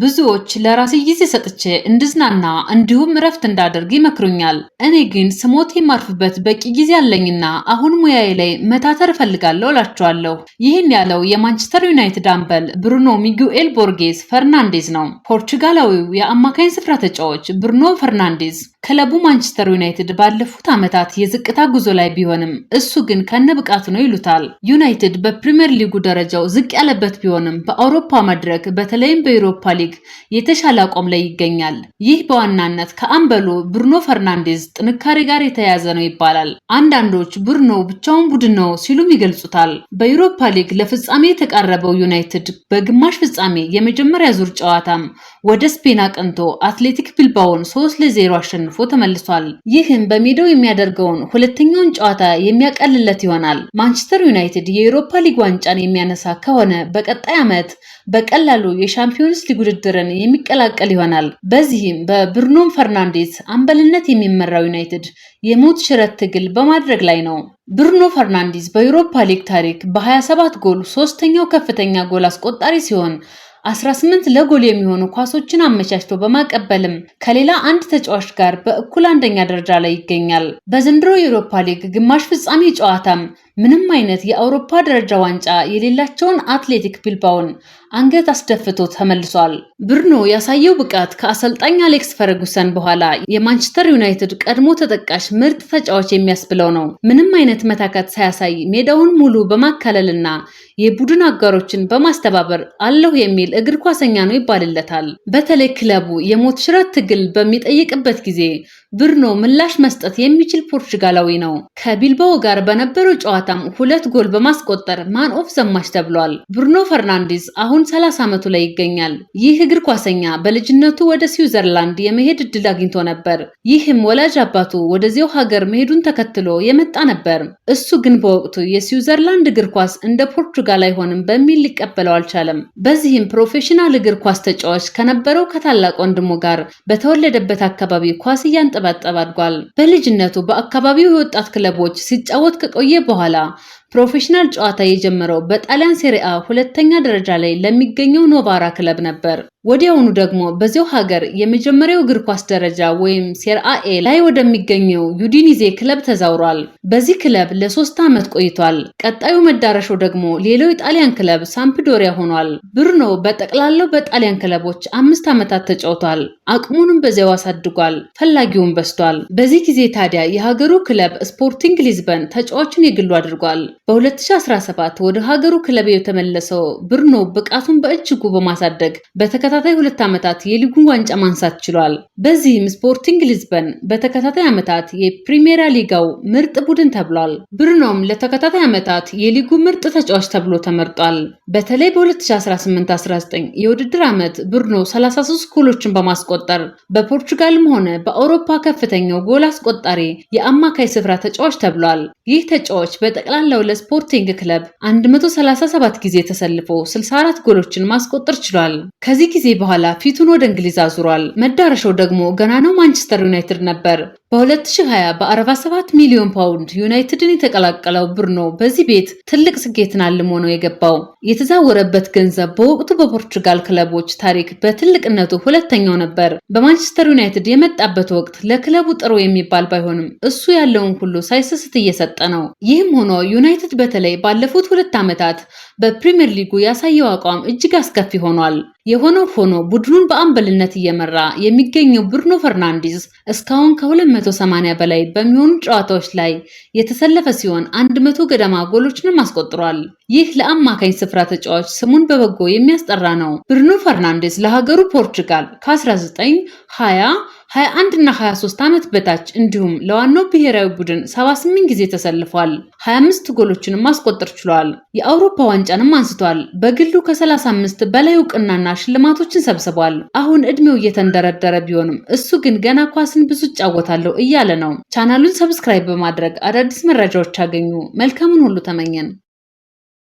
ብዙዎች ለራሴ ጊዜ ሰጥቼ እንድዝናና እንዲሁም እረፍት እንዳደርግ ይመክሩኛል። እኔ ግን ስሞት የማርፍበት በቂ ጊዜ አለኝና አሁን ሙያዬ ላይ መታተር እፈልጋለሁ እላቸዋለሁ። ይህን ያለው የማንቸስተር ዩናይትድ አምበል ብሩኖ ሚጉኤል ቦርጌስ ፈርናንዴዝ ነው። ፖርቹጋላዊው የአማካኝ ስፍራ ተጫዋች ብሩኖ ፈርናንዴዝ ክለቡ ማንቸስተር ዩናይትድ ባለፉት ዓመታት የዝቅታ ጉዞ ላይ ቢሆንም እሱ ግን ከነ ብቃት ነው ይሉታል። ዩናይትድ በፕሪምየር ሊጉ ደረጃው ዝቅ ያለበት ቢሆንም በአውሮፓ መድረክ በተለይም በዩሮፓ ሊግ የተሻለ አቋም ላይ ይገኛል። ይህ በዋናነት ከአምበሉ ብሩኖ ፈርናንዴዝ ጥንካሬ ጋር የተያያዘ ነው ይባላል። አንዳንዶች ብሩኖ ብቻውን ቡድን ነው ሲሉም ይገልጹታል። በዩሮፓ ሊግ ለፍጻሜ የተቃረበው ዩናይትድ በግማሽ ፍጻሜ የመጀመሪያ ዙር ጨዋታም ወደ ስፔን አቅንቶ አትሌቲክ ቢልባውን ሶስት ለዜሮ አሸንፎ ተመልሷል። ይህም በሜዳው የሚያደርገውን ሁለተኛውን ጨዋታ የሚያቀልለት ይሆናል። ማንቸስተር ዩናይትድ የኤሮፓ ሊግ ዋንጫን የሚያነሳ ከሆነ በቀጣይ ዓመት በቀላሉ የሻምፒዮንስ ሊግ ውድድርን የሚቀላቀል ይሆናል። በዚህም በብሩኖም ፈርናንዴዝ አምበልነት የሚመራው ዩናይትድ የሞት ሽረት ትግል በማድረግ ላይ ነው። ብሩኖ ፈርናንዴዝ በዩሮፓ ሊግ ታሪክ በ27 ጎል ሶስተኛው ከፍተኛ ጎል አስቆጣሪ ሲሆን 18 ለጎል የሚሆኑ ኳሶችን አመቻችቶ በማቀበልም ከሌላ አንድ ተጫዋች ጋር በእኩል አንደኛ ደረጃ ላይ ይገኛል። በዘንድሮ የአውሮፓ ሊግ ግማሽ ፍጻሜ ጨዋታም ምንም አይነት የአውሮፓ ደረጃ ዋንጫ የሌላቸውን አትሌቲክ ቢልባውን አንገት አስደፍቶ ተመልሷል። ብርኖ ያሳየው ብቃት ከአሰልጣኝ አሌክስ ፈርጉሰን በኋላ የማንቸስተር ዩናይትድ ቀድሞ ተጠቃሽ ምርጥ ተጫዋች የሚያስብለው ነው። ምንም አይነት መታከት ሳያሳይ ሜዳውን ሙሉ በማካለልና የቡድን አጋሮችን በማስተባበር አለሁ የሚል እግር ኳሰኛ ነው ይባልለታል። በተለይ ክለቡ የሞት ሽረት ትግል በሚጠይቅበት ጊዜ ብርኖ ምላሽ መስጠት የሚችል ፖርቹጋላዊ ነው። ከቢልባኦ ጋር በነበረው ጨዋታም ሁለት ጎል በማስቆጠር ማን ኦፍ ዘማች ተብሏል። ብርኖ ፈርናንዲዝ አሁን 30 ዓመቱ ላይ ይገኛል። ይህ እግር ኳሰኛ በልጅነቱ ወደ ስዊዘርላንድ የመሄድ እድል አግኝቶ ነበር። ይህም ወላጅ አባቱ ወደዚያው ሀገር መሄዱን ተከትሎ የመጣ ነበር። እሱ ግን በወቅቱ የስዊዘርላንድ እግር ኳስ እንደ ፖርቹጋል አይሆንም በሚል ሊቀበለው አልቻለም። በዚህም ፕሮፌሽናል እግር ኳስ ተጫዋች ከነበረው ከታላቅ ወንድሙ ጋር በተወለደበት አካባቢ ኳስ እያንጠ ሲያንጠባጠብ አድጓል። በልጅነቱ በአካባቢው የወጣት ክለቦች ሲጫወት ከቆየ በኋላ ፕሮፌሽናል ጨዋታ የጀመረው በጣሊያን ሴሪአ ሁለተኛ ደረጃ ላይ ለሚገኘው ኖቫራ ክለብ ነበር። ወዲያውኑ ደግሞ በዚያው ሀገር የመጀመሪያው እግር ኳስ ደረጃ ወይም ኤ ላይ ወደሚገኘው ዩዲኒዜ ክለብ ተዛውሯል። በዚህ ክለብ ለሶስት ዓመት ቆይቷል። ቀጣዩ መዳረሻው ደግሞ ሌላው የጣሊያን ክለብ ሳምፕዶሪያ ሆኗል። ብሩኖ በጠቅላላው በጣሊያን ክለቦች አምስት ዓመታት ተጫውቷል። አቅሙንም በዚያው አሳድጓል። ፈላጊውን በስቷል። በዚህ ጊዜ ታዲያ የሀገሩ ክለብ ስፖርቲንግ ሊዝበን ተጫዋቹን የግሉ አድርጓል። በ2017 ወደ ሀገሩ ክለብ የተመለሰው ብርኖ ብቃቱን በእጅጉ በማሳደግ በተከታታይ ሁለት ዓመታት የሊጉን ዋንጫ ማንሳት ችሏል። በዚህም ስፖርቲንግ ሊዝበን በተከታታይ ዓመታት የፕሪሜራ ሊጋው ምርጥ ቡድን ተብሏል። ብርኖም ለተከታታይ ዓመታት የሊጉ ምርጥ ተጫዋች ተብሎ ተመርጧል። በተለይ በ2018/19 የውድድር ዓመት ብርኖ 33 ጎሎችን በማስቆጠር በፖርቹጋልም ሆነ በአውሮፓ ከፍተኛው ጎል አስቆጣሪ የአማካይ ስፍራ ተጫዋች ተብሏል። ይህ ተጫዋች በጠቅላላው ስፖርቲንግ ክለብ 137 ጊዜ ተሰልፎ 64 ጎሎችን ማስቆጠር ችሏል። ከዚህ ጊዜ በኋላ ፊቱን ወደ እንግሊዝ አዙሯል። መዳረሻው ደግሞ ገናናው ማንቸስተር ዩናይትድ ነበር። በ2020 በ47 ሚሊዮን ፓውንድ ዩናይትድን የተቀላቀለው ብሩኖ በዚህ ቤት ትልቅ ስኬትን አልሞ ነው የገባው። የተዛወረበት ገንዘብ በወቅቱ በፖርቹጋል ክለቦች ታሪክ በትልቅነቱ ሁለተኛው ነበር። በማንቸስተር ዩናይትድ የመጣበት ወቅት ለክለቡ ጥሩ የሚባል ባይሆንም እሱ ያለውን ሁሉ ሳይስስት እየሰጠ ነው። ይህም ሆኖ ዩናይትድ በተለይ ባለፉት ሁለት ዓመታት በፕሪምየር ሊጉ ያሳየው አቋም እጅግ አስከፊ ሆኗል። የሆነው ሆኖ ቡድኑን በአምበልነት እየመራ የሚገኘው ብሩኖ ፈርናንዲዝ እስካሁን ከሁለት 180 በላይ በሚሆኑ ጨዋታዎች ላይ የተሰለፈ ሲሆን 100 ገደማ ጎሎችንም አስቆጥሯል። ይህ ለአማካኝ ስፍራ ተጫዋች ስሙን በበጎ የሚያስጠራ ነው። ብሩኖ ፈርናንዴዝ ለሀገሩ ፖርቹጋል ከ1920 21ና 23 ዓመት በታች እንዲሁም ለዋናው ብሔራዊ ቡድን 78 ጊዜ ተሰልፏል። 25 ጎሎችንም ማስቆጠር ችሏል። የአውሮፓ ዋንጫንም አንስቷል። በግሉ ከ35 በላይ እውቅናና ሽልማቶችን ሰብስቧል። አሁን እድሜው እየተንደረደረ ቢሆንም እሱ ግን ገና ኳስን ብዙ እጫወታለሁ እያለ ነው። ቻናሉን ሰብስክራይብ በማድረግ አዳዲስ መረጃዎች አገኙ። መልካሙን ሁሉ ተመኘን።